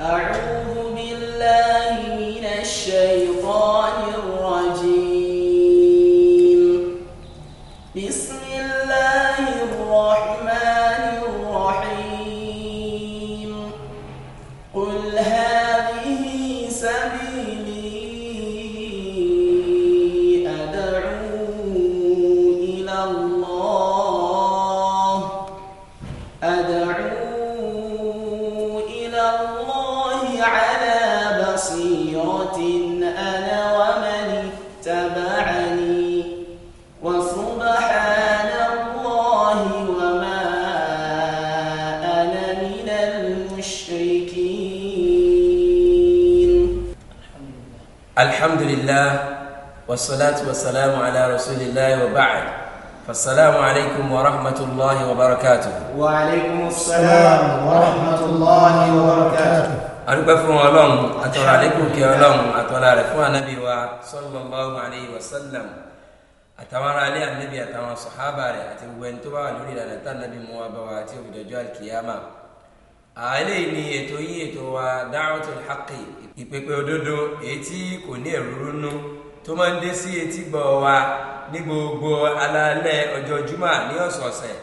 All right. والصلاة والسلام على رسول الله وبعد فالسلام عليكم ورحمة الله وبركاته وعليكم السلام ورحمة الله وبركاته أرجو فهم الله أتولى عليكم كي الله أتولى رفوع النبي صلى الله عليه وسلم àtàwọn ará ilé ànábì àtàwọn sọ̀hábà rẹ̀ àti gbogbo ẹni tó bá wà lórí ìlànà tá ànábì mú wa bá wa àti òbídọ́jọ́ àkìyàmà. àlẹ́ ni ètò yìí ètò wa dáhùn tó lè hàkì ìpèpè òdodo èyí tí kò ní ẹ̀rú rúnú tó máa ń dé sí etígbọ̀ wa ní gbogbo alaalẹ́ ọjọ́ juma ní ọ̀sọ̀ọ̀sẹ̀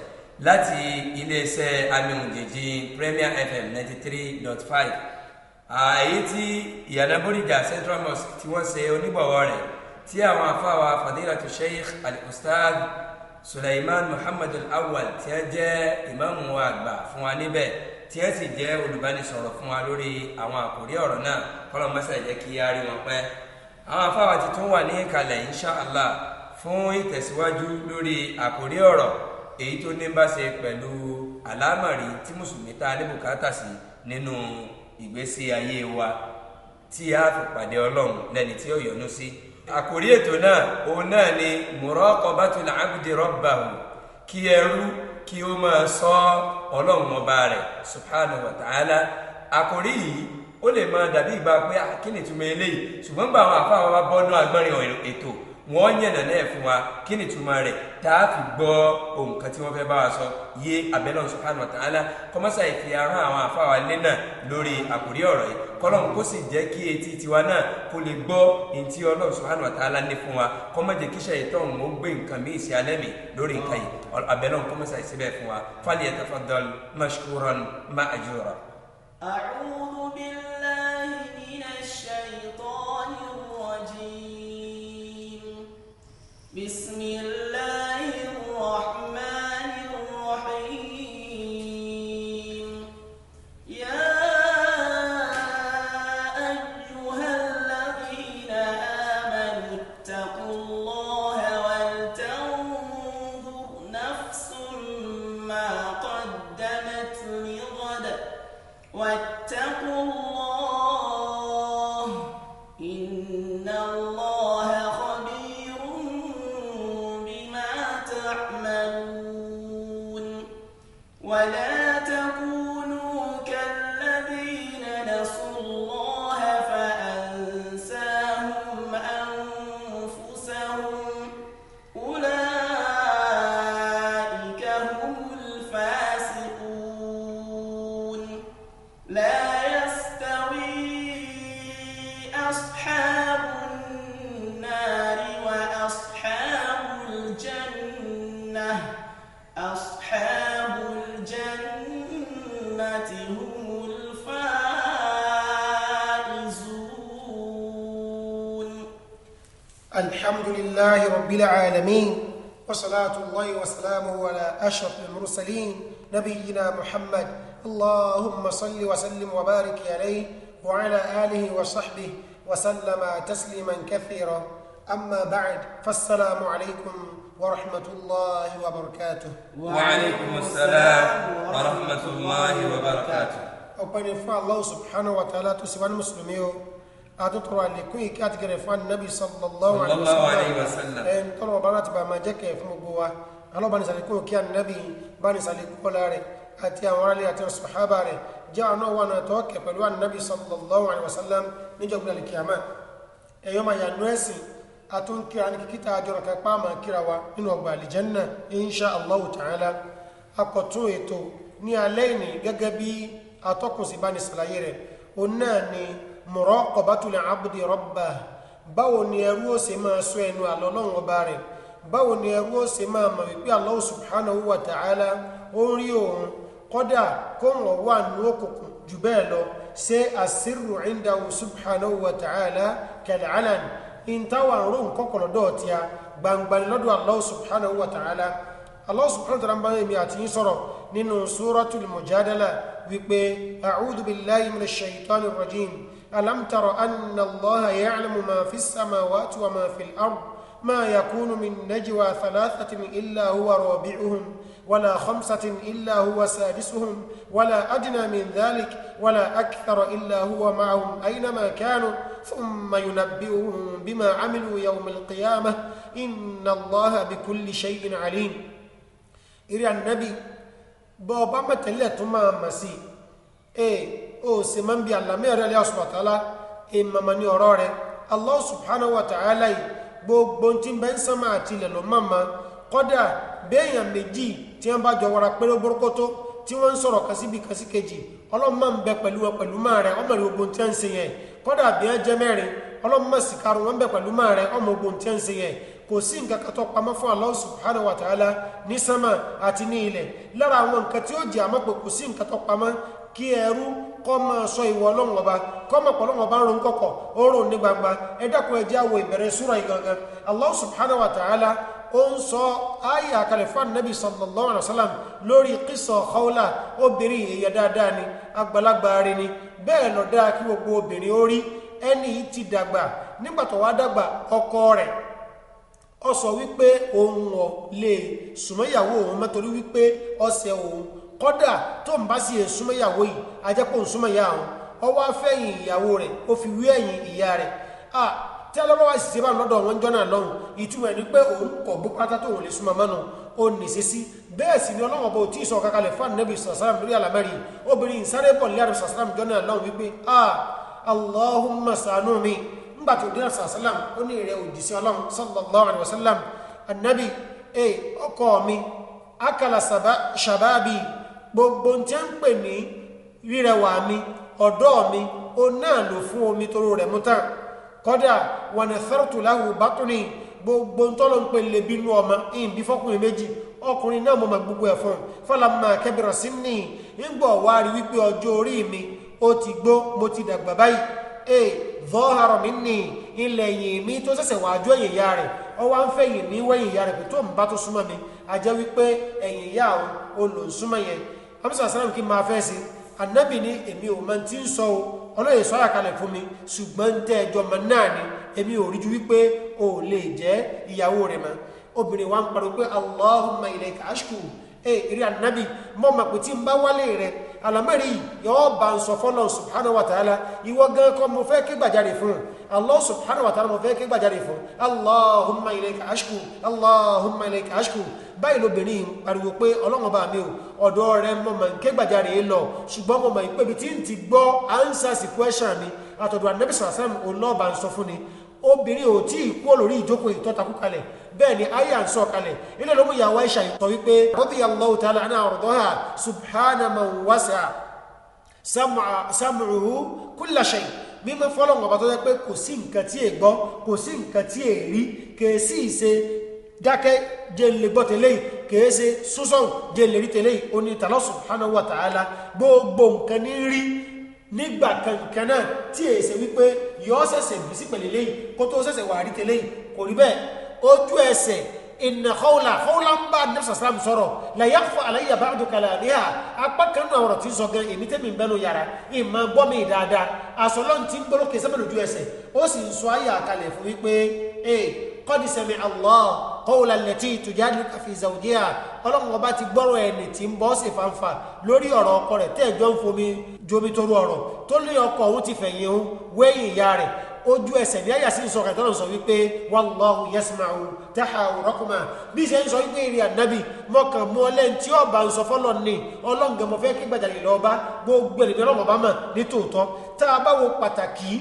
láti iléeṣẹ́ amíhùnjèjì Premier FM ninety three dot five èyí tí ìyànà bóríjà Central Mosque tí wọ́n ṣe onígbọ̀wọ́ rẹ̀ tí àwọn afáwa fadilatu sheikh al-ustad Suleiman Muhammad al-awwal tí wọ́n jẹ́ ìmáàmù àgbà fún wa níbẹ̀ tí wọ́n sì jẹ́ olùbánisọ̀rọ̀ fún wa lórí àwọn àkòrí ọ̀rọ̀ náà kọ́lọ́ jẹ́ kí á rí wọn pẹ́ àwọn afáwà ti tún wà ní ìkàlẹ̀ insha Allah fún ìtẹ̀síwájú lórí àkórí ọ̀rọ̀ èyí tó ní bá ṣe pẹ̀lú àlámọ̀rí tí mùsùlùmí tá a ní bùkátà sí nínú ìgbésí ayé wa tí a fi pàdé ọlọ́run lẹ́ni tí ó yọ́nú sí. àkórí ètò náà òun náà ni muraqabatul abdi rabbahu kí ẹrú kí ó máa ṣọ́ ọlọ́run ọba rẹ̀ subhanahu wa ta'ala àkórí yìí ó lè máa dàbí ìgbà pé ah, kí ni ìtumọ̀ eléyìí ṣùgbọ́n gbà àwọn àfáà wọn bá bọ́nú agbọ́nrin ètò wọ́n yànnà náà fún wa kí ni ìtumọ̀ rẹ̀ tá a fi gbọ́ ohun kan tí wọ́n fẹ́ bá wa sọ yé abẹ́lẹ́ subhanahu wa ta'ala kọ́mọ́sá ìfi arán àwọn àfáà wa lé náà lórí àkórí ọ̀rọ̀ yìí kọlọ́n kó sì jẹ́ kí etí tiwa náà kó lè gbọ́ ntí ọlọ́run subhanahu wa ta'ala ní fún wa kó má jẹ́ kí ṣàyẹ̀tọ̀ gbé nǹkan mí ìsì alẹ́ mi lórí nǹkan yìí abẹ́lẹ́ kọ́mọ́sá ìsibẹ̀ fún wa falyatafaddal mashkuran ma'jura. BC ولا لله رب العالمين وصلاة الله وسلامه على أشرف المرسلين نبينا محمد اللهم صل وسلم وبارك عليه وعلى آله وصحبه وسلم تسليما كثيرا أما بعد فالسلام عليكم ورحمة الله وبركاته وعليكم السلام ورحمة الله وبركاته أوبني الله سبحانه وتعالى تسبحان المسلمين àtúntọrọ àlékún ìkí àti gẹrẹ fún anabi sallallahu alayhi wa sallam ẹ ń tọrọ ọba láti bá máa jẹ kẹ fún gbogbo wa alọba nisalikun kí anabi bá nisalikun kọla rẹ àti àwọn aráàlú àti sàhábà rẹ jẹ àwọn náà wà náà tọ́ kẹ pẹ̀lú anabi sallallahu alayhi wa sallam níjọ gbọdọ kìámà ẹ̀yọ́ máa yànú ẹ̀sìn àtúnkìá ní kíkítà muraqabatul abdi rabbah báwo ni ẹrú ó ṣe máa sọ ẹnu àlọ́lọ́run ọba rẹ̀ báwo ni ẹrú ó ṣe máa mọ̀ wípé Allah subhanahu wa ta'ala ó ń rí òun kódà kóhùn ọwọ́ àánú òkùnkùn jù bẹ́ẹ̀ lọ ṣe àṣírù indahu subhanahu wa ta'ala kẹlẹ́àlàn ìntàwà rò ń kọ́kọ̀rọ̀ dọ̀tí gbangba lọ́dọ̀ Allah subhanahu wa ta'ala Allah subhanahu wa bá èmi àti yín sọ̀rọ̀ nínú suratul mujadala wípé a'udhu billahi minash shaitanir rajim ألم تر أن الله يعلم ما في السماوات وما في الأرض ما يكون من نجوى ثلاثة إلا هو رابعهم ولا خمسة إلا هو سادسهم ولا أدنى من ذلك ولا أكثر إلا هو معهم أينما كانوا ثم ينبئهم بما عملوا يوم القيامة إن الله بكل شيء عليم إلى النبي بابا متلة ما مسيح ee o se man bi alamẹ rẹ alayhi subhanahu wa ta'ala e mama ni ọ̀rọ̀ rẹ̀ allah subhanahu wa ta'ala yi gbogbo tí bẹ ń sánmà àti ilẹ̀ ló má ma kọ́dà béèyàn méjì tí wọ́n bá jọ wara péré borokoto tí wọ́n ń sọ̀rọ̀ kásíbi kásíkejì ọlọ́mọ ń bẹ pẹ̀lú wọn pẹ̀lú máa rẹ ọmọ rẹ gbogbo tí wọ́n ń se yẹn kọ́dà bí wọ́n jẹ mẹ́rin ọlọ́mọ wọn bẹ pẹ̀lú máa rẹ ọmọ gbogbo tí wọ́n se yẹn kò sí nǹkan kan tó pamọ́ fún Allah subhanahu wa ta'ala ní sánmà àti ní ilẹ̀ lára àwọn nǹkan tí ó jẹ́ àmọ́ pé kò sí nǹkan tó pamọ́ kí ẹrú kọ́ máa sọ ìwọ ọlọ́run ọba kọ́ mọ̀ pọ̀lọ́run ọba ń ron kọ́kọ́ ó rò ní gbangba ẹ dákun ẹ jẹ́ àwọ̀ ìbẹ̀rẹ̀ súra ìgangan Allah subhanahu wa ta'ala ó ń sọ ayé àkàlẹ̀fà nàbì sallallahu alayhi wa sallam lórí qissa Khawla obìnrin èèyàn dáadáa ni àgbàlagbà rẹ ni bẹ́ẹ̀ lọ dáa kí gbogbo obìnrin ó rí ẹni tí dàgbà nígbà tó wá dàgbà ọkọ rẹ̀ ó sọ wípé òun ò lè sùnmọ́ ìyàwó òun mẹ́torí wípé ọ̀sẹ̀ òun kọ́dà tó ń bá sí èsúnmọ́ ìyàwó yìí ajẹ́pọ̀ nsúnmọ́ ìyá àwọn ọwọ́ afẹ́yìn ìyàwó rẹ̀ ó fi wí ẹ̀yìn ìyá rẹ̀ à tí alọ́wọ́ wa sì ṣe bá lọ́dọ̀ wọn jọ́nà lọ́hùn ìtumọ̀ ẹni pé òun kọ̀ bó pátá tó òun lè súnmọ́ mọ́nu ó nì sí sí bẹ́ẹ̀ sì ni ọlọ́wọ́ bó tí ì sọ kakalẹ̀ fún anabi sàsàm lórí àlámẹ́rì obìnrin sáré bọ̀ lé àrùn jọ́nà lọ́hùn wípé a allahumma sànú mi ńgbà tó dé sàsàm ó ní ìrẹ́ òjìṣẹ́ ọlọ́run sallallahu alayhi wa sallam anabi ọkọ mi akala shababi gbogbo tí a ń pè ní rírẹwà mi ọ̀dọ́ mi ó náà lò fún omi toró rẹ̀ mú tán kọ́dà wọn ẹ̀fẹ́rùtù láhùn bátúnì gbogbo tọ́lọ̀ ń pè lè bínú ọmọ ìbí fọ́kùnrin méjì ọkùnrin náà mo máa gbogbo ẹ̀ fún un fọlámà kẹbìrọ̀ sí ní ìgbọ̀ wá rí wípé ọjọ́ orí mi ó ti gbó mo ti dàgbà báyìí ẹ zọ́ọ̀hárọ̀ mi ní ilẹ̀ yìí mi tó ṣẹ̀ṣẹ̀ wájú ẹ̀yìn ìyá rẹ̀ ọ ń fẹ̀yìn ní wẹ̀yìn ìyá rẹ̀ pé tó ń bá tó súnmọ́ mi àjẹ́ wípé ẹ̀yìn ìyá òun ò lò ń súnmọ́ yẹn amúsùn àsánàmù kí máa fẹ́ sí anábì ní èmi ò máa ti ń sọ o ọlọ́yẹ̀ sọ àkàlẹ̀ fún mi ṣùgbọ́n tẹ́ ẹjọ́ mọ náà ni èmi ò ríjú wípé o ò lè jẹ́ ìyàwó rẹ̀ mọ́ obìnrin wa ń pariwo pé allahumma ilayka ashku eré anábì mọ́ mà pé tí ń bá wálé rẹ̀ alamari yóò bá ń sọ fọ́nà subhanahu wa ta'ala ìwọ gan kọ́ mo fẹ́ ké gbàjáre fún allah subhanahu wa ta'ala mo fẹ́ ké gbàjáre fún allahumma ilayka ashku allahumma ilayka ashku báyìí lóbìnrin pariwo pé ọlọ́wọ́n bá mi ò ọ̀dọ́ rẹ mọ̀ mọ̀ nké gbàjarè é lọ ṣùgbọ́n mo mọ̀ pé ibi tí ń ti gbọ́ answer question mi àtọ̀dọ̀ anabi sàlám ọlọ́ọ̀bà ń sọ fún ni obìnrin ò tí ì kú lórí ìjókòó ìtọ́takú kalẹ̀ bẹ́ẹ̀ ni ayé à ń sọ kalẹ̀ ilé ló mú ìyàwó Aisha sọ wípé radiyallahu ta'ala anha ardaha subhana man wasa sam'uhu kulla shay mímọ́ fọ́lọ́ngọ̀bà tó jẹ́ pé kò sí nǹkan tí è gbọ́ kò sí nǹkan tí è rí kèé sí ìṣe dákẹ́ jẹ́ lè gbọ́ tẹ́lẹ̀ yìí kìí ṣe súnsọ̀hùn jẹ́ lè rí tẹ́lẹ̀ yìí ó ní tàlọ́ subhanahu wa ta'ala gbogbo nǹkan ní rí nígbà kankan náà tí èyí ṣe wípé yọ́ ṣẹ̀ṣẹ̀ bí sí pẹ̀lú lẹ́yìn kó tó ṣẹ̀ṣẹ̀ wà rí tẹ́lẹ̀ yìí kò rí bẹ́ẹ̀ ojú ẹsẹ̀ ìnà kọ́ọ̀là kọ́ọ̀là ń bá nẹ́fṣà sàrám sọ̀rọ̀ lẹ́yà fún aláyà bá dùn kalẹ̀ àníhà apá kan nù àwọn ọ̀rọ̀ tí ń sọ gan èmi tẹ́mi ń bẹ́ ló yàrá ìmọ̀ gbọ́ mi dáadáa àsọlọ́ ti ń gbọ́rọ̀ kẹsẹ́ mẹ́rin ojú ẹsẹ̀ ó sì ń sọ ayà kalẹ̀ fún wípé ee eh, kọ́dísẹ́mi Allah kọ́wùlà lẹ́tí tujadiluka fi zawjiha ọlọ́run ọba ti gbọ́rọ̀ ẹni tí ń bọ́ sí fanfa lórí ọ̀rọ̀ ọkọ rẹ̀ tẹ́ẹ̀jọ́ ń fomi jomi toru ọ̀rọ̀ tó lé ọkọ òun ti fẹ̀yìn òun wẹ́yìn ìyá rẹ̀ ojú ẹsẹ̀ ní àyà sí ń sọ ọ̀rẹ́ tọ́lọ̀ sọ wípé wallahu yasma'u tahawurakuma bí ṣe ń sọ wípé ìrìn ànábì mọ́kàn mú ọ lẹ́yìn tí ọba ń sọ fọ́lọ́ ní ọlọ́ngàn mọ́fẹ́ kí gbàdàlè lọ́ọ́ bá gbogbo ènìyàn ọlọ́mọba mọ̀ ní tòótọ́ tá a bá wo pàtàkì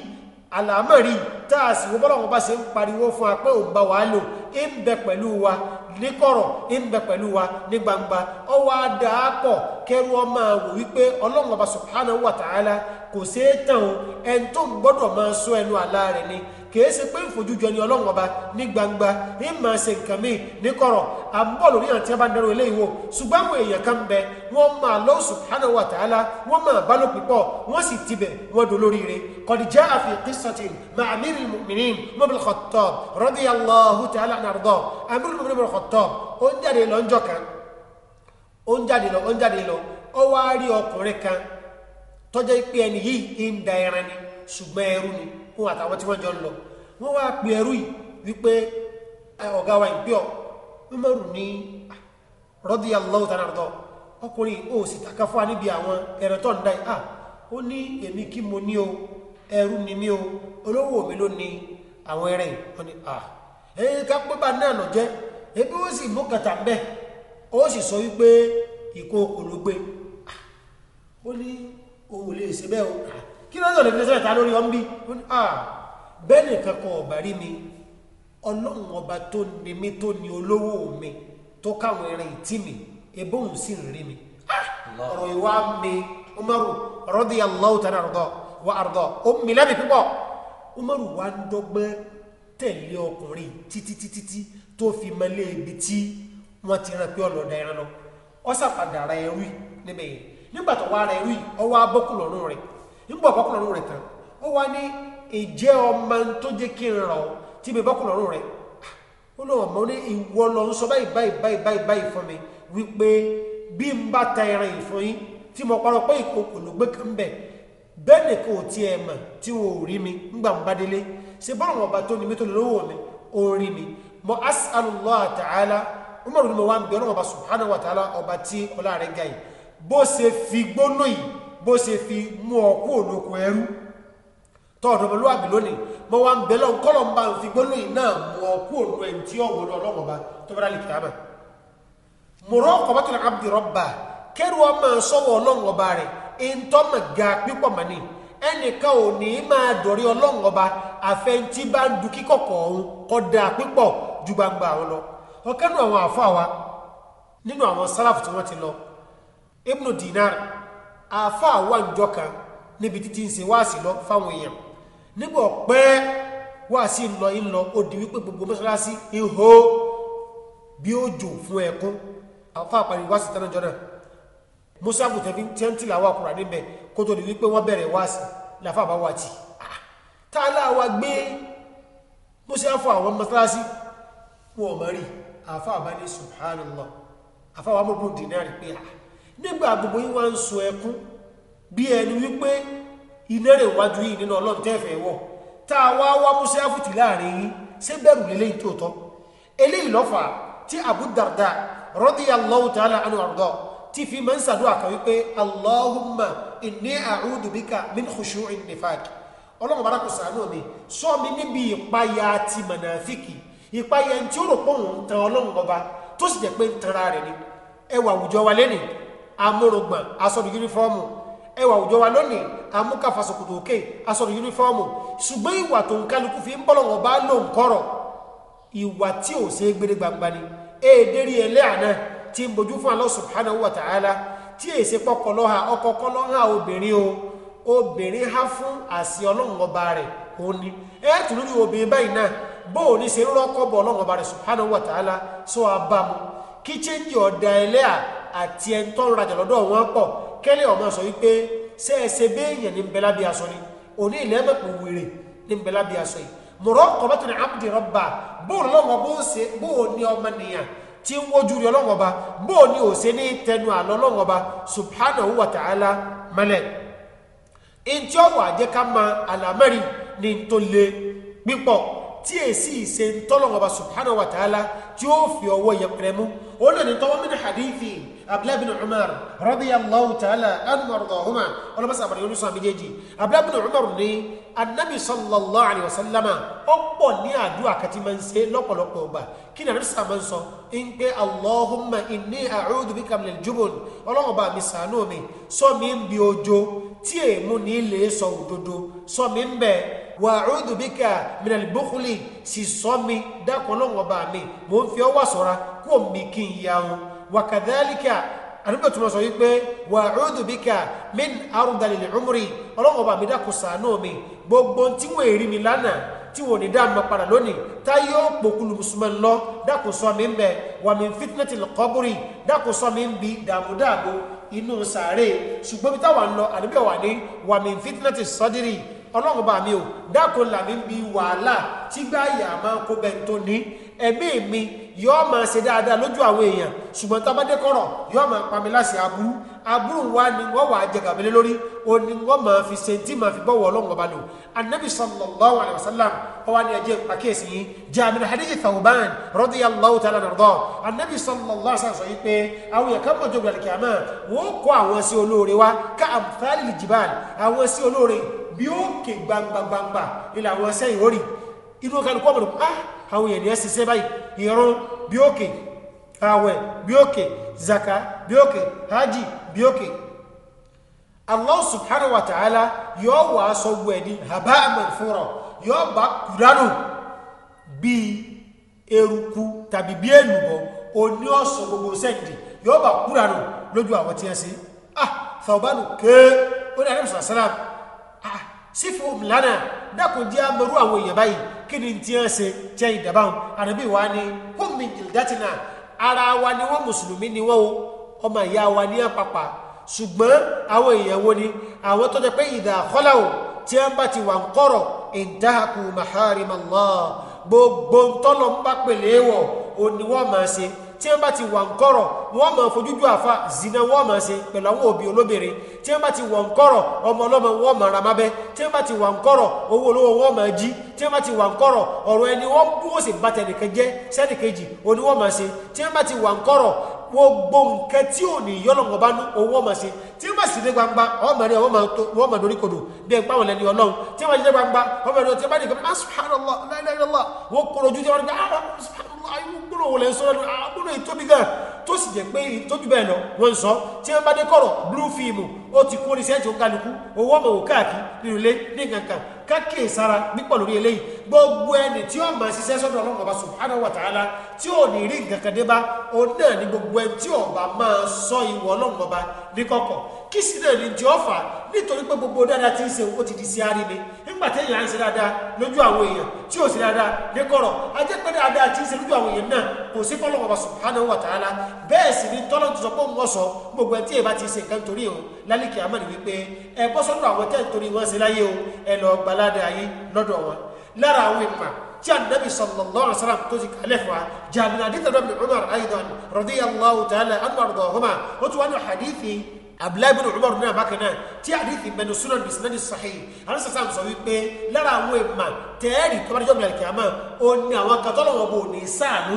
àlàmọ́rí táàsì wọ́n si bá se ń pariwo fún apẹ́ ògbà wà lò ń bẹ pẹ̀lú wa ní kọ̀rọ̀ ń bẹ pẹ̀lú wa ní gbangba ọwọ́ adáàpọ̀ kẹrù ọmọ àwò wípé ọlọ́run ọba subhanahu wa ta'ala kò ẹni ni kìí ṣe pé ìfojújọ ni ọlọ́run ọba ní gbangba ní máa ṣe nǹkan míì ní kọ̀rọ̀ à ń bọ̀ lórí àti ẹbá dẹrù eléyìí wò ṣùgbọ́n àwọn èèyàn kan bẹ wọ́n máa lọ subhanahu wa ta'ala wọ́n máa bá lò pípọ̀ wọ́n sì tibẹ̀ wọ́n dolóríire qad jaa fi qissatin ma'a amiril mu'minin mọ́bìlì Khattab radiyallahu ta'ala anarudọ́ amiril mu'minin mọ́bìlì Khattab ó ń jáde lọ ó ń jáde lọ ó ń jáde lọ òun àtàwọn tí wọ́n jọ lọ wọ́n wá pè ẹrú yìí wípé ọ̀gá wa ìpíọ̀ mímọ́rù ní rọ́dí aláwọ̀ tánà ọkùnrin ó sì tàkà fún wa níbi àwọn ẹ̀rẹ̀ tó ń dá yìí ah, ó ní èmi kí mo ní o ẹrú ni mí o olówó mi ló àwọn sọ wípé ìkó olùgbé ah, ó ní òun lè ṣe bẹ́ẹ̀ ah, kí lọ́dọ̀ lè fi lọ́sẹ̀ ta lórí ọmọbí ah, bẹ́ẹ̀ nìkan kan ọ̀bà rí mi ọlọ́run ọba tó ní mi tó ní olówó mi tó káwọn ẹran ìtì mi ebóhùn sì ń rí mi ah, ọ̀rọ̀ ìwà mi umaru radiyallahu ta'ala àrùdọ̀ wa àrùdọ̀ ó mi lẹ́mi púpọ̀ umaru wa ń dọ́gbẹ́ tẹ̀lé ọkùnrin títí tó fi mẹ́lẹ́ ibi tí wọ́n ti rán pé ọlọ́dà ẹran lọ ọ ara ẹrú níbẹ̀ yẹn nígbà tó wá ara ẹrú yìí ọwọ́ abọ́kù lọ́rùn rẹ̀ nígbà bọ́kùn lọ́rùn rẹ̀ tán ó wá ní ìjẹ́ ọmọ tó jẹ́ kí n rọ̀ tí mi bọ́kùn lọ́rùn rẹ̀ ó lọ ọmọ ní ìwọ lọ ń sọ báyìí báyìí báyìí báyìí báyìí fún mi wípé bí n bá ta ẹran ìfún yín tí mo parọ́ pé ìkòkò ló gbé kan bẹ̀ bẹ́ẹ̀ nìkan ò tiẹ̀ mọ̀ tí wọn ò rí mi ńgbà ń bá délé ṣe bọ́ọ̀rùn ọba tó ni mi tó lówó mi ó rí mi mo as'alullah ta'ala umaru ni bó ṣe fi mú ọkú òlòkù ẹrú tọ́ọ̀dọ̀mọlúwà bí lónìí mọ́ wá ń bẹ lọ́n kọ́lọ̀ ń bá ń fi gbóló yìí náà mú ọkú òlòkù ẹni tí ọ̀wọ́ ọlọ́wọ́ bá tó bá dálé kìámà ga pípọ̀ ni ẹnìkan ò ní máa dọ̀rí ọlọ́wọ́ bá bá ń du kíkọ̀kọ̀ ọ̀hún àáfà wà jọ kan níbi títí ń ṣe wáàsí lọ fáwọn èèyàn nígbà pẹ́ wáàsí ńlọ ńlọ ó di wípé gbogbo mọ́ṣáláṣí ihò bí ó jò fún ẹkún àáfà parí wáàsí tánà jọ náà musa kò tẹ́bí tí ń tìlà wà kúrà níbẹ̀ kó tó di wípé wọ́n bẹ̀rẹ̀ wáàsí làfà bá wà tì tá a láwa gbé musa fún àwọn mọ́ṣáláṣí wọn ò mọ̀ rí àáfà bá ní subhanallah àáfà wà mọ́ bùn dínárì pé àá nígbà gbogbo yín wá ń sun ẹkún bí ẹni wípé iná rẹ̀ wájú yìí nínú ọlọ́run tẹ́fẹ̀ wọ̀ tá a wá wá musa fùtì láàrin yín ṣé bẹ̀rù lélẹ́yìn tó tọ́ eléyìí lọ́fà tí Abu Darda radiyallahu ta'ala anhu àrùdọ́ tí fi máa ń sàdúrà kan wípé Allahumma inni a'udhu bika min khushu'in nifaq ọlọ́run bára kò sàánú mi sọ mi níbi ìpayà ti mọ̀nàfíkì ìpayà tí ó rò pọ̀ ń tan ọlọ́run ọba tó sì jẹ́ pé ń tanra rẹ̀ ni ẹwà àwùjọ wa lẹ́nìí amúrùgbọ̀n asọ̀rọ̀ yúnífọ́ọ̀mù ẹwà òjò wa lónìí amúkàfàsọ̀kòtò òkè asọ̀rọ̀ yúnífọ́ọ̀mù ṣùgbọ́n ìwà tó ń kálukú fi ń bọ́ lọ́wọ́ bá lò ń kọ́rọ̀ ìwà tí ò ṣe é gbére gbangba ni fún tí lọ́ha ọkọ kọ́ lọ́ha obìnrin o obìnrin há fún àṣì ọlọ́run ọba rẹ̀ ni ẹ̀ẹ́tù lórí obìnrin báyìí náà bóò ní ṣe ń rọ́kọ́ bọ̀ ọlọ́run ọba rẹ̀ ta'ala sọ abamu kí chéńjì ọ̀dà ẹlẹ́à àti ẹni tó ń rajà lọ́dọ̀ wọn pọ̀ kẹ́lẹ́ ọmọ sọ wípé ṣé ẹ ṣe béèyàn ní bẹ́lá bí aṣọ ni òní ilẹ̀ mẹ́pọ̀ wèrè ní bẹ́lá bí aṣọ yìí mọ̀rọ̀ kọ̀mẹ́tò ní abdi rọ́bà bóun lọ́wọ́ bó ṣe bóun ní ọmọ nìyàn tí ń wojú rí ọlọ́wọ́ ba bóun ní òṣè ní tẹnu àlọ́ lọ́wọ́ ba subhanahu wa ta'ala mẹ́lẹ̀ ntí ọwọ́ àjẹká ma àlàmẹ́rin ní ntòlè pípọ̀ tí èsì ìse ń tọ́lọ̀ ọba subhanahu wa ta'ala tí ó fi ọwọ́ yẹpẹrẹ mú ó lè ní tọ́wọ́ mínú hadithi abdullahi bin umar radiyallahu ta'ala anhu ardahuma ọlọ́bàṣà àbàdàn méjèèjì abdullahi umar ní annabi sallallahu alayhi wa sallama ó pọ̀ ní àdúrà kàtí máa ń ṣe lọ́pọ̀lọpọ̀ ọgbà kí ni àdúrà máa ń sọ ń pé allahumma inni a'udhu bika min jubun ọlọ́wọ́ mi sàánú mi sọ mi ń bi ojo tí èèmú ní ilé sọ òdodo sọ mi ń bẹ́ẹ̀ wà áùdù bí ká mìíràn gbókùlì sì sọ mi dákun náà wọ́n bá mi mò ń fi ọwọ́ sọ̀ra kó mi kí n ya wọn wà kàdálíkà àdúgbò tó mọ̀ sọ wípé wà áùdù bí ká min àrùndàlẹ̀ ọmọrì ọlọ́wọ́n bá mi dákun sàánú mi gbogbo tí wọ́n èrí mi lánàá tí wọn ò ní dáàmú padà lónìí tá yóò pòkulu mùsùlùmí lọ dákun sọ mi ń bẹ wà mí fitinati lọkọbúrì dákun sọ mi ń bi dààmúdààbò inú sàárè ṣùgbọ́n bí táwọn lọ àdébẹ̀ wà ní wà mí fitinati sọdírì ọlọ́run bá mi o dákun là mí bí wàhálà tí gbáyà máa kó bẹ́ẹ̀ tó ní ẹ̀mí mi yóò máa ṣe dáadáa lójú àwọn èèyàn ṣùgbọ́n tá a bá dé kọ̀rọ̀ yóò máa pa mi láṣẹ aburú aburú wa ni wọ́n wà á jẹ gàmílẹ́ lórí o ni wọ́n máa fi ṣe tí màá fi bọ́wọ́ ọlọ́run ọba lò anabi sallallahu alayhi wa sallam ọwọ́ ni ẹjẹ́ àkíyèsí yìí jẹ́ àmì hadithi thawban radiyallahu ta'ala nàrọ̀dọ̀ anabi sallallahu alayhi wa sallam pé àwọn èèyàn kan mọ̀jọ́ gbàdúrà kìámà wọ́n kọ́ àwọn sí olóore wa ká àmfàlì jìbàl àwọn sí olóore bí ó kè gbangbangbangba ilẹ̀ àwọn ẹsẹ̀ ìrórì inú kálukú ọmọdé ah àwọn èèyàn ẹsẹ̀ ṣe báyìí ìrún bí ó kè àwẹ̀ bí ó kè zaka bí ó kè hajj bí ó kè Allah subhanahu wa ta'ala yóò wà sọ gbọ́ ẹni haba manfura yóò bá kúránù bíi eruku tàbí bíi èlùbọ́ oní ọ̀sọ̀ gbogbo sẹ́ǹdì yóò bá kúránù lójú àwọn tí wọ́n ṣe ah Thawbanu kéé ó ní àdébùsọ̀ sálàmù sífòm lánàá dákun jẹ́ amẹ́rú àwọn èèyàn báyìí kí ni tí wọ́n ṣe jẹ́ ìdàbáwọn ànábì wa ni kúmi ìdátìnà ara wa ni wọ́n mùsùlùmí ni wọ́n o ọmọ ìyá wa ní àpapà ṣùgbọ́n àwọn èèyàn wo ni àwọn tó jẹ pé ìdá àkọ́lá o tí wọ́n bá ti wà ń kọ̀rọ̀ intahaku maharim Allah gbogbo ntọ́lọ́ ń bá pèlè wọ̀ òní wọ́n máa ṣe tí wọ́n bá ti wà ńkọ̀rọ̀ wọ́n máa fojú àfa zina wọ́n máa ṣe pẹ̀lú àwọn òbí olóbìnrin tí wọ́n bá ti wà ńkọ̀rọ̀ ọmọ ọlọ́mọ wọ́n máa ra mábẹ́ tí wọ́n bá ti wà ńkọ̀rọ̀ owó olówó wọ́n máa jí tí wọ́n bá ti wà ńkọ̀rọ̀ ọ̀rọ̀ ẹni wọ́n bú ó sì bá tẹnìkan jẹ́ sẹ́nìkejì òní wọ́n máa ṣe tí wọ́n bá ti wà ńkọ̀rọ̀ gbogbo nǹkan tí ò ní yọlọ́ngọ̀ bá ní owó ọmọ ṣe tí wọ́n sì dé gbangba ọmọ rẹ̀ wọ́n mọ̀ lórí kodò bí ẹgbẹ́ àwọn ẹni ọlọ́run tí wọ́n dé gbangba ọmọ rẹ̀ tí wọ́n bá nìkan subhanallah la ilaha illallah wọ́n kọ̀ lójú tí wọ́n ní gbà subhanallah ayé wọ́n gbọ́dọ̀ wọlé sọ́rọ́ náà tóbi gan tó sì jẹ́ pé tóbi bẹ́ẹ̀ lọ wọ́n sọ tí wọ́n bá dé kọ̀rọ̀ blue film ó ti kó oníṣẹ́ tí ó kálukú owó ọmọ òwò káàkiri nínú ilé ní kankan káàkiri sára pípọ̀ lórí eléyìí gbogbo ẹni tí ó máa ṣiṣẹ́ sọ́dọ̀ ọlọ́run ọba subhanahu wa ta'ala tí ò ní rí nǹkan kan dé bá òun náà ni gbogbo ẹni tí ọba máa sọ ìwọ ọlọ́run ọba ní kọ̀kọ̀ kí sì náà ni tí ó fà nítorí pé gbogbo dáadáa ti ń ṣe ó ti di sí àrílé nígbà tí èèyàn ń ṣe dáadáa lójú àwọn èèyàn tí ò ṣe dáadáa lékọ̀rọ̀ ajẹ́ pé dáadáa tí ń ṣe lójú àwọn èèyàn náà kò sí fọlọ́wọ́ bá subhanahu wa ta'ala bẹ́ẹ̀ sì ni tọ́lọ́ ti sọ pé òun ọ̀sọ́ gbogbo ẹ̀ tí èèyàn bá ti ṣe nǹkan torí o lálẹ́kì àmọ́ ni wípé ẹ bọ́ sọ́dọ̀ àwọn tẹ́ torí wọn ṣe láyé o ẹ lọ gbalada ayé lọ́dọ̀ wọn lára àwọn ìmà tí anabi sallallahu alaihi wa tó ti kalẹ̀ fún wa jaabi na hadith ibn Umar aidan radiyallahu ta'ala anhu wa ardahuma o tún wà ní hadithi abdullahi bin umar náà bákan náà tí àdìsí mẹnu sunan bí sinadi sahih àwọn sàṣà sọ wípé lára àwọn èèmà tẹ́ẹ̀rì tó bá dé jọ́bìnrin àkìyàmá ó ní àwọn kan tọ́lọ̀wọ̀ bò ní sáànú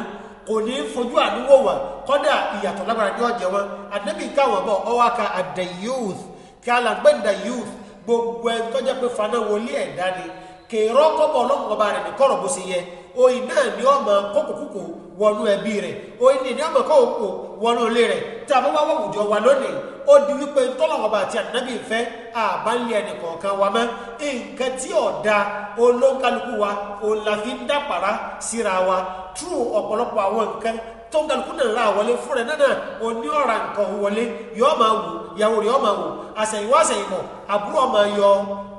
kò ní fojú àdúgbò wà kọ́dà ìyàtọ̀ lágbára ní ọ̀jẹ̀ wọn àdébì káwọn bọ̀ ọwọ́ aka àdà youth kí youth gbogbo ẹ̀ tọ́jà pé fanáwọlé ẹ̀dá ni kèrọ́kọ́bọ̀ ọlọ́run ọba rẹ̀ ní kọ́rọ̀ bó ṣe yẹ oyin náà ni ọ máa kókòkókò wọnú ẹbí rẹ̀ oyin ni ọ máa kókòkò wọnú ilé rẹ̀ tí a bá wá wùjọ wa lónìí ó di wípé tọ́lọ̀wọ́ba àti ànábì ìfẹ́ àbálẹ̀ ẹnì wa mọ́ nǹkan tí ọ̀dà olóńkálukú wa òun la fi ń dàpàrà síra wa tú ọ̀pọ̀lọpọ̀ àwọn nǹkan tó náà ra wọlé fúnra náà òní ọ̀ra nǹkan wọlé yọ́ọ́ máa wò ìyàwó rẹ̀ yọ́ọ́ máa wò àsẹ̀yìnwá àsẹ̀yìnbọ̀ àbúrò ọmọ yọ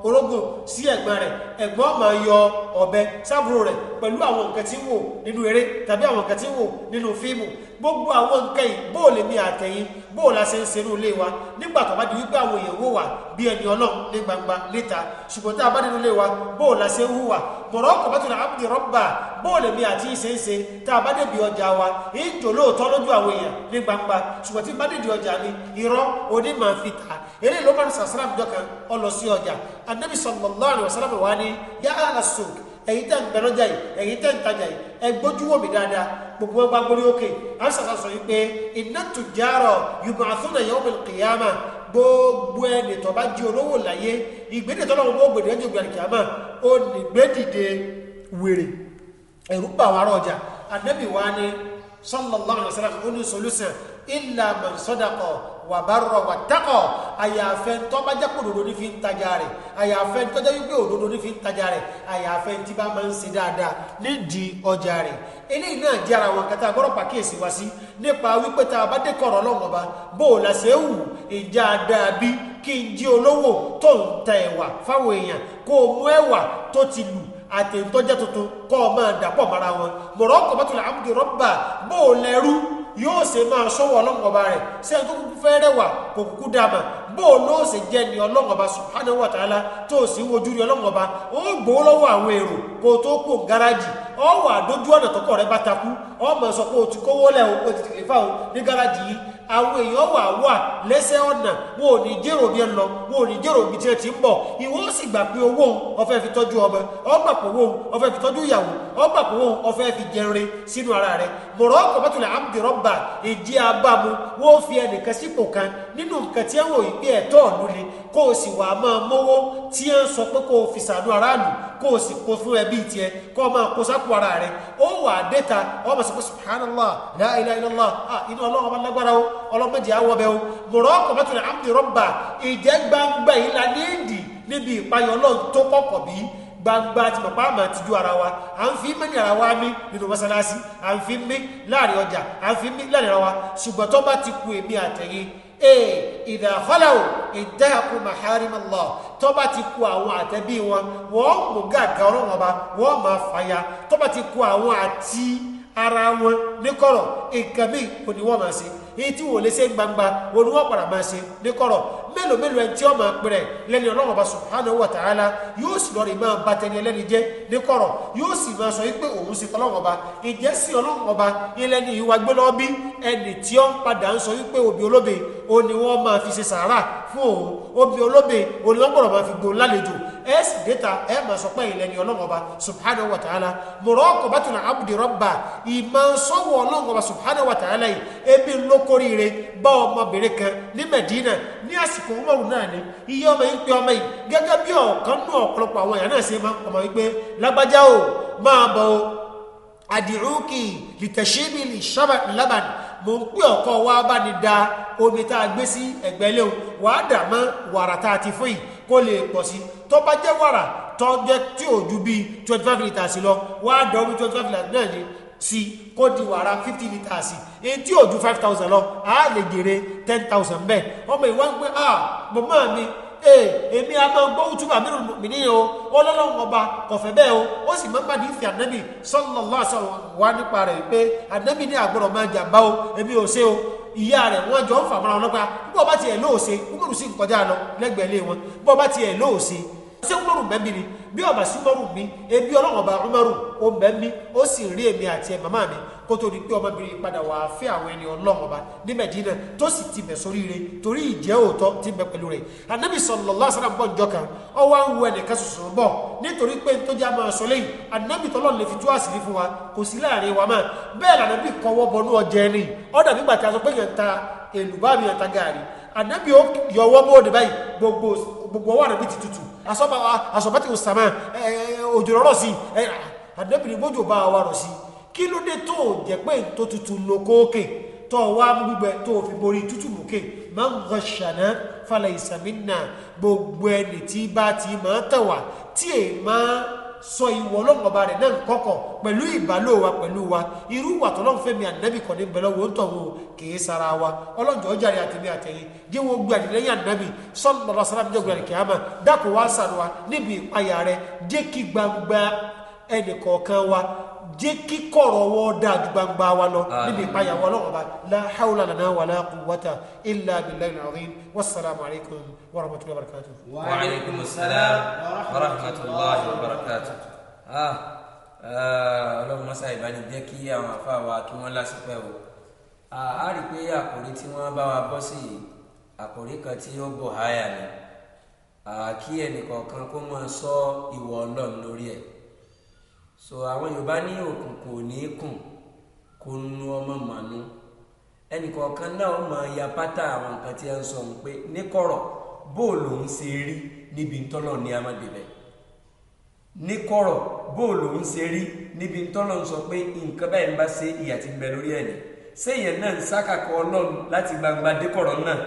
orógùn sí ẹ̀gbọ́n rẹ̀ ẹ̀gbọ́n ọmọ yọ ọ̀bẹ sábúrò rẹ̀ pẹ̀lú àwọn nǹkan tí ń wò nínú eré tàbí àwọn nǹkan tí ń wò nínú fíìmù gbogbo àwọn nǹkan yìí bóò lè mi àtẹ̀yìn bóò la ṣe ń ṣerú ilé wa nígbà tó bá di wípé àwọn èèyàn wò wá bí ẹni ọlọ́run ní gbangba níta ṣùgbọ́n tá a bá nínú ilé wa bóò la ṣe ń hùwà mọ̀rọ́ kò bá tún rọ́bà bóò lè mi àti ìṣe ń ṣe tá a bá débi ọjà wa ìjò lóòótọ́ lójú àwọn èèyàn ní gbangba ṣùgbọ́n tí bá débi ọjà mi irọ́ onímọ̀ fi tà eléyìí ló bá ní sàṣàrà àbújọ kan ó lọ sí ọjà anabi sallallahu alaihi wasallam wà ní yá àlàsùk ẹ̀yin tẹ́ ń bẹ lọ́jà yìí ẹ̀yin tẹ́ ń tajà yìí ẹ gbójú wò mí dáadáa gbogbo wọn bá gbórí òkè àṣàṣà sọ yìí pé inna tujjara yub'athuna yawm al-qiyama gbogbo ẹni tó bá jí olówó láyé ìgbéde tó lọ́wọ́ gbòdì ẹjọ́ ìgbà kìámà ó ní gbẹ́dìde wèrè ẹ̀rú bà wà rọ̀ ọjà anabi wa ní solution illa man sadaqa wàbárọ̀ wàtàkọ̀ àyàfẹ́ tọ́ba jẹ́ kó òdodo ní fi ń tajà rẹ̀ àyàfẹ́ tọ́jà wípé òdodo ní fi ń tajà rẹ̀ àyàfẹ́ tí bá máa ń ṣe dáadáa nídìí ọjà rẹ̀ eléyìí náà jẹ́ ara wọn kẹta gbọ́dọ̀ pàkíyèsí wá sí nípa wípé tá a bá dé kọ̀rọ̀ ọlọ́run ọba bó o là ṣe wù ìjà dàbí kí n jí olówó tó ń ta ẹ̀wà fáwọn èèyàn kó o mú ẹ̀wà tó ti lù àtẹ̀ntọ́jẹ́ tuntun kọ́ ọ máa dàpọ̀ mọ́ra wọn mọ̀rọ́ kọ̀mọ́tò làmúdùrọ́bà bó o lẹ́rú yóò ṣe máa ṣọ́wọ́ ọlọ́run ọba rẹ̀ ṣé ẹni tó kúkú fẹ́ rẹwà kò kúkú dàmà o ló ṣe jẹ́ ni ọlọ́run ọba subhanahu wa ta'ala tó sì wojú rí ọlọ́run ó gbowó lọ́wọ́ àwọn èrò kó o tó kó gáràjì ọ wà dójú ọ̀nà tọkọ rẹ bá takú sọ pé o ti kówó lẹ̀ o ti o ní àwọn èèyàn wà wà lẹ́sẹ̀ ọ̀nà wọn ò ní jèrò bí ẹ lọ wọn ò ní jèrò bí tiẹ̀ ti ń bọ̀ ìwọ sì gbà pé owó òun fi tọ́jú ọmọ ọgbà pọ̀ owó fi tọ́jú ìyàwó ọgbà pọ̀ òun fi jẹrin sínú ara rẹ̀ mọ̀rọ̀ ọkọ̀ mọ́tòlẹ̀ èjì wọ́n fi kó o sì wà máa mówó tí ó ń sọ pé kó o fi sànú aráàlú kó o sì kó fún ẹbí tiẹ̀ kó o máa kó sápò ara rẹ ó wà déta ó máa sọ pé subhanallah la ilaha illallah inú ọlọ́run ọba lágbára o ọlọ́mọdé àwọ̀ bẹ́ẹ̀ o mọ̀rọ́ ọkọ̀ mẹ́tò ní amdi rọ́bà ìjẹ́ gbangba yìí la ní ìdì níbi ìpayọ̀ ọlọ́run tó kọ̀kọ̀ bíi gbangba ti mọ̀pá àmà ti ju ara wa à ń fi mí ní ara wa mí nínú mọ́sálásí à ń fi mí láàrin ọjà à ń fi mí láàrin ara wa ṣùgbọ́n tó bá ti ku èmi àtẹ̀yìn ee ìdàkọ́làwò ìdáàkú maharim Allah tó bá ti kú àwọn àtẹ́bí wọn wọ́n mú gàgà ọ̀rọ̀ wọn bá wọ́n máa fàya tó bá ti kú àwọn àti ara wọn níkọ̀rọ̀ nǹkan míì kò ní wọ́n máa ṣe èyí tí wò lè ṣe gbangba wọn ni wọ́n padà máa ṣe níkọ̀rọ̀ mélòó mélòó ẹni tí wọ́n máa pẹ̀rẹ̀ lẹ́ni ọlọ́run ọba subhanahu wa ta'ala yóò sì lọ́ọ́ rí máa ba tẹni ẹlẹ́ni jẹ́ níkọ̀rọ̀ yóò sì máa sọ wípé òun sì tọ́lọ́run ọba ìjẹ́sí ọlọ́run ọba ilẹ̀ ni ìwà gbé bí ẹni tí ó padà ń sọ wípé òbí olóbe ó ní wọ́n máa fi ṣe sàárà fún òun omi olóbe onílọ́gbọ̀rọ̀ máa fi gbòó lálejò ẹ sì déta ẹ máa sọ pé ìlẹ́ni ọlọ́run ọba subhanahu wa ta'ala mọ̀rọ́kọ̀ bá tún abdi rabba ìmọ̀ sọ́wọ́ ọlọ́run ọba subhanahu wa ta'ala yìí ebi ń lókóríire bá ọmọbìnrin kan ní Medina ní àsìkò Umaru náà ni iye ọmọ yìí pé ọmọ yìí gẹ́gẹ́ bí ọ̀kan náà ọ̀pọ̀lọpọ̀ àwọn èèyàn náà mò ń pè ọkọ wa bá ní da omi tá a gbé sí ẹ̀gbẹ́ léwu wàá dà mọ́ wàrà tá a ti fún yìí kó lè pọ̀ sí tó bá jẹ́ wàrà tó jẹ́ tí ò ju bíi twenty five litres lọ wàá dà omi twenty five litres náà ní sí kó di wàrà fifty litres sí èyí tí ò ju five thousand lọ a lè jèrè ten thousand bẹ́ẹ̀ ọmọ ìwà ń pẹ́ ah, mọ̀mọ́ mi ee eh, èmi àmọ́ gbóhùn túbà mí ròdùn mí níyẹn o ọlọ́lọ́run ọba kọ̀fẹ́ bẹ́ẹ̀ o ó sì máa ń gbàdí ìfẹ́ ànábì sallallahu alaihi wasallam wá nípa rẹ̀ pé ànábì ní àgbọ̀rọ̀ máa jàmbá o èmi ò ṣe o ìyá rẹ̀ wọ́n jọ ń fàmọ́ra ọlọ́pàá bọ́ọ̀ bá tiẹ̀ lóòṣe kúmọ̀rù sí nkọjá lọ lẹ́gbẹ̀ẹ́ lé wọn bọ́ọ̀ bá tiẹ̀ lóòṣe ṣé umaru bẹ́ẹ̀ ni bí ọba sí umaru mi ebi ọlọ́wọ́ ọba umaru ó bẹ́ẹ̀ mi ó sì rí èmi àti ẹ̀ màmá mi kó tó di pé ọmọbìnrin padà wà á fẹ́ àwọn ẹni ọlọ́wọ́ ọba ní Mẹ̀dínà tó sì ti bẹ̀ sórí rẹ̀ torí ìjẹ́ òótọ́ ti bẹ̀ pẹ̀lú rẹ̀ anabi sallallahu alaihi wasallam bọ̀ njọ́ kan ọ wá ń wo ẹnìkan ṣoṣo bọ̀ nítorí pé tó jẹ́ àmọ́ aṣọ lẹ́yìn anabi tọ́lọ́ lè fi tú àṣírí fún wa kò sí láàrin wa máa bẹ́ẹ̀ lànà bí kọ́wọ́ bọnú ọjà ẹni ọ̀dà a sọ ànábì yọwọ́ bóde báyìí gbogbo gbogbo ọwọ́ ànábì ti tutù asọ́bàtì òsàmà òjò rọ̀rọ̀ sí ànábì ní gbójò bá wa rọ̀ sí kí ló dé tó jẹ́ pé tó tutù lókòókè tó wá gbígbẹ tó fi borí tutù lókè máa ń rọ ṣàná falẹ̀ ìsàmínà gbogbo ẹni tí bá ti máa tẹ̀wà tí èèmá sọ ìwọ ọlọ́run ọba rẹ̀ náà kọ́kọ̀ pẹ̀lú ìbálò wa pẹ̀lú wa irú ìwà tọ́lọ́run fẹ́mi ànábì kan ní bẹ̀rẹ̀ wo ń tọ̀ wo kìí sara wa ọlọ́njọ́ jàre àtẹ̀mí àtẹ̀yìn jẹ́ wo gbé àdìlẹ́yìn ànábì sọ́nà sara mi jọ́gbẹ̀rẹ̀ kìámà dákò wá sànù wa níbi ìpayà rẹ̀ jẹ́ kí gbangba ẹnì kọ̀ọ̀kan wa jẹ́ kí kọ̀rọ̀ wọ́ dáa ju gbangba wa lọ níbi ìpayà wa lọ́wọ́ bá la hawla lana wa la quwwata illa billahi al-azim wasalaamu alaykum wa rahmatulahi wa barakatuh. wa alaykum salaam wa rahmatulahi wa barakatuh. Ah, eh, ọlọ́run mọ́sá ìbáni jẹ́ kí àwọn afá wa kí wọ́n lásìkò ẹ̀ o a rí i pé àkòrí tí wọ́n bá wa bọ́ sí àkòrí kan tí ó bọ̀ háyà ni kí ẹnìkọ̀ọ̀kan kó máa sọ ìwọ ọlọ́run lórí ẹ̀. so àwọn yorùbá ní òkun kò ní í kùn kó nu ọmọ mànú ya pátá àwọn nǹkan tí a ń sọ ọ̀hún pé níkọ̀rọ̀ bó lòún ṣe rí níbi ntọ́lọ̀ ní pe níkọ̀rọ̀ bó lòún ṣe rí níbi ń sọ pé nǹkan báyìí ń bá ṣe ti ń bẹ lórí sẹ́yìn náà ń ọlọ́run láti gbangba dé náà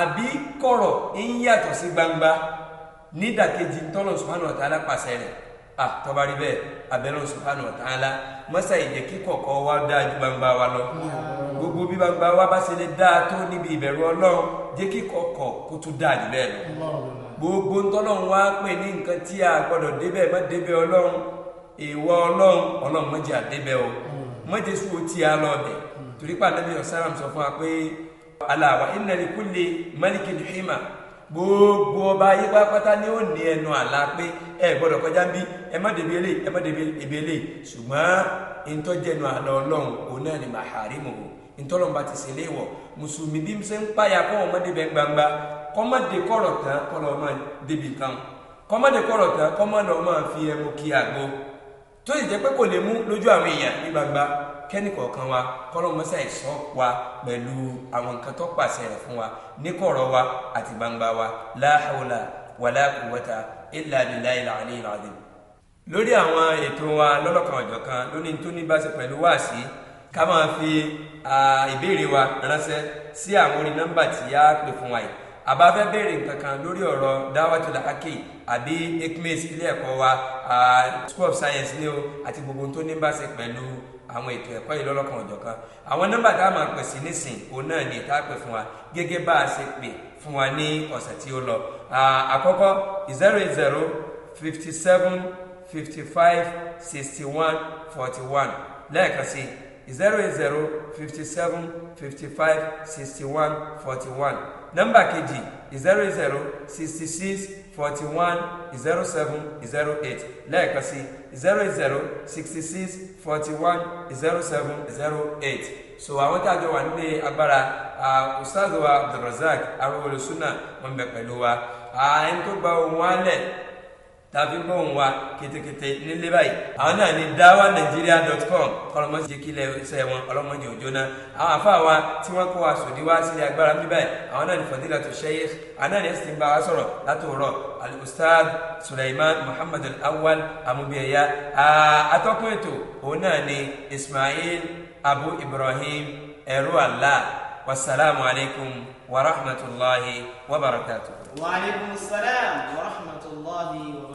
àbí kọ̀rọ̀ ń yàtọ̀ sí gbangba nídàkejì a rí bẹ́ẹ̀ abẹ́lẹ́ subhanahu wa ta'ala mọ́sá ìjẹ́ kí kọ̀ọ̀kọ́ dáa ju gbangba wa lọ gbogbo bí gbangba wa bá ṣe lè dáa tó níbi ìbẹ̀rù ọlọ́run jẹ́ kí kọ̀ọ̀kọ́ kó tún dáa jù bẹ́ẹ̀ lọ gbogbo ntọ́lọ́run wa pè ní nǹkan tí a gbọ́dọ̀ débẹ̀ má débẹ̀ ọlọ́run ìwọ ọlọ́run ọlọ́run o sùn ó ti ọ̀sán gbogbo ọba ayé pátápátá ni ó ní ẹnu àlá pé ẹ gbọ́dọ̀ kọjá ń bí ẹ má débi eléyìí ẹ má débi ebi eléyìí ṣùgbọ́n ìtọ́jẹnu àlọ́ ọlọ́run òun náà ni màhàrímù ìtọ́lọ́mba ti ṣe léèwọ̀ mùsùlùmí bí ṣe ń páyà kọ́ ọmọdé bẹ́ẹ̀ gbangba kọ́mọdé kọ̀rọ̀ tán kọ́ lọ́ọ́ máa débi kan kọ́mọdé kọ̀rọ̀ tán kọ́mọdé ọmọ fi ẹmu kí àgbo tó sì jẹ́ pé kò lè mú lójú àwọn èèyàn ní gbangba kẹ́nìkọ̀ọ̀kan wa kọ́lọ́mọ́sá ìsọ́ wa pẹ̀lú àwọn nǹkan tó pàṣẹ rẹ̀ fún wa níkọ̀rọ̀ wa àti gbangba wa la hawla wala quwwata illa billahi al-aliyyil azim. lórí àwọn ètò wa lọ́lọ́kan ọ̀jọ̀kan lóní tó ní báṣe pẹ̀lú wáàsí ká máa fi ìbéèrè wa ránṣẹ́ sí àwọn orí nọ́mbà tí a pè fún wa yìí àbá fẹ́ béèrè nǹkan kan lórí ọ̀rọ̀ dáwàtò làákì àbí ecmes ilé ẹ̀kọ́ wa school of science ni o àti gbogbo tó ní bá ṣe pẹ̀lú àwọn ètò ẹ̀kọ́ yìí lọ́lọ́kan ọ̀jọ̀kan àwọn nọ́mbà tá a máa pè sí nísìn òun náà ni tá pè fún wa gẹ́gẹ́ bá a ṣe pè fún wa ní ọ̀sẹ̀ tí ó lọ àkọ́kọ́ zero zero fifty seven fifty five sixty one forty one lẹ́ẹ̀kan sí i 080 57 55 61 41 nọ́mbà kejì 00 66 41 07 08 lẹ́ẹ̀kan sí 00 66 41 07 08 so àwọn tá a jọ wà nílé agbára ustaz wa abdulrasaq arúgbó lọ́sùnà wọn bẹ pẹ̀lú wa ẹni tó gba ohun wálẹ̀ tàbí ń bọ̀ ń wa ketekete nílé báyìí àwọn náà ní dáwà nàìjíríà dot com ọlọmọdé jẹ kílẹ̀ ṣẹ wọn ọlọmọdé òjò náà àwọn àfáà wa tí wọ́n kó aṣòdì wá sílẹ̀ agbára bí báyìí àwọn náà ní fadilatu sheikh àwọn náà ní ẹ̀sìn bá wa sọ̀rọ̀ látòrọ̀ al suleiman muhammad al amubiyaya atọ́kùn ètò òun náà ní ismail abu ibrahim ẹ̀rú allah wasalaamu alaykum wa rahmatulahi wa barakatuh. wa aleykum salaam wa rahmatulahi wa.